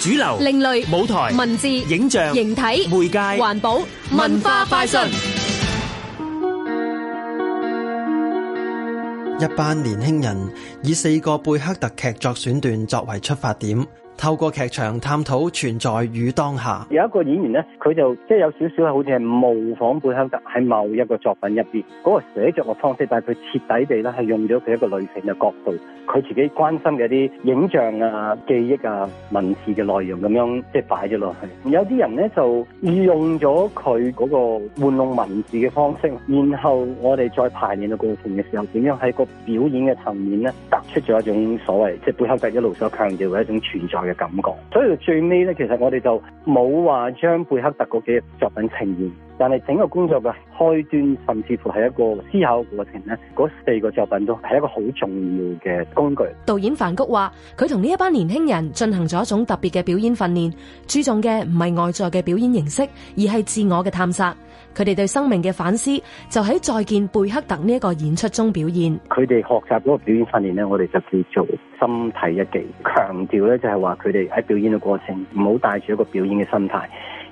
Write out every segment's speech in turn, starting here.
主流、另類舞台、文字、影像、形體、媒介、環保、文化快訊。一班年輕人以四個貝克特劇作選段作為出發點。透過劇場探討存在與當下。有一個演員咧，佢就即係有少少係好似係模仿貝克特喺某一個作品入邊嗰個寫作嘅方式，但係佢徹底地咧係用咗佢一個女性嘅角度，佢自己關心嘅一啲影像啊、記憶啊、文字嘅內容咁樣即係擺咗落去。有啲人咧就用咗佢嗰個玩弄文字嘅方式，然後我哋再排練嘅過程嘅時候，點樣喺個表演嘅層面咧，突出咗一種所謂即係貝克特一路所強調嘅一種存在感覺，所以最尾咧，其實我哋就冇話將貝克特嗰幾作品呈現。但係整個工作嘅開端，甚至乎係一個思考過程咧，嗰四個作品都係一個好重要嘅工具。導演范谷話：佢同呢一班年輕人進行咗一種特別嘅表演訓練，注重嘅唔係外在嘅表演形式，而係自我嘅探索。佢哋對生命嘅反思就喺再見貝克特呢一個演出中表現。佢哋學習嗰個表演訓練咧，我哋就叫做心體一境，強調咧就係話佢哋喺表演嘅過程唔好帶住一個表演嘅心態。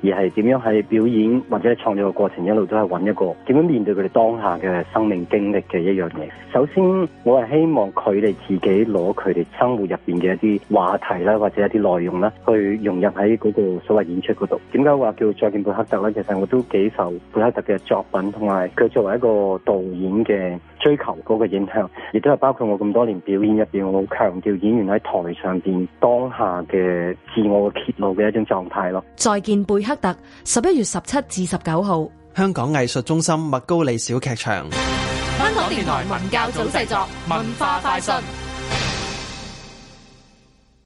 而係點樣喺表演或者係創作嘅過程，一路都係揾一個點樣面對佢哋當下嘅生命經歷嘅一樣嘢。首先，我係希望佢哋自己攞佢哋生活入邊嘅一啲話題啦，或者一啲內容啦，去融入喺嗰個所謂演出嗰度。點解話叫再見貝克特咧？其實我都幾受貝克特嘅作品同埋佢作為一個導演嘅。追求嗰個影響，亦都係包括我咁多年表演入邊，我好強調演員喺台上邊當下嘅自我揭露嘅一種狀態咯。再見，貝克特，十一月十七至十九號，香港藝術中心麥高利小劇場。香港電台文教組製作，文化快訊。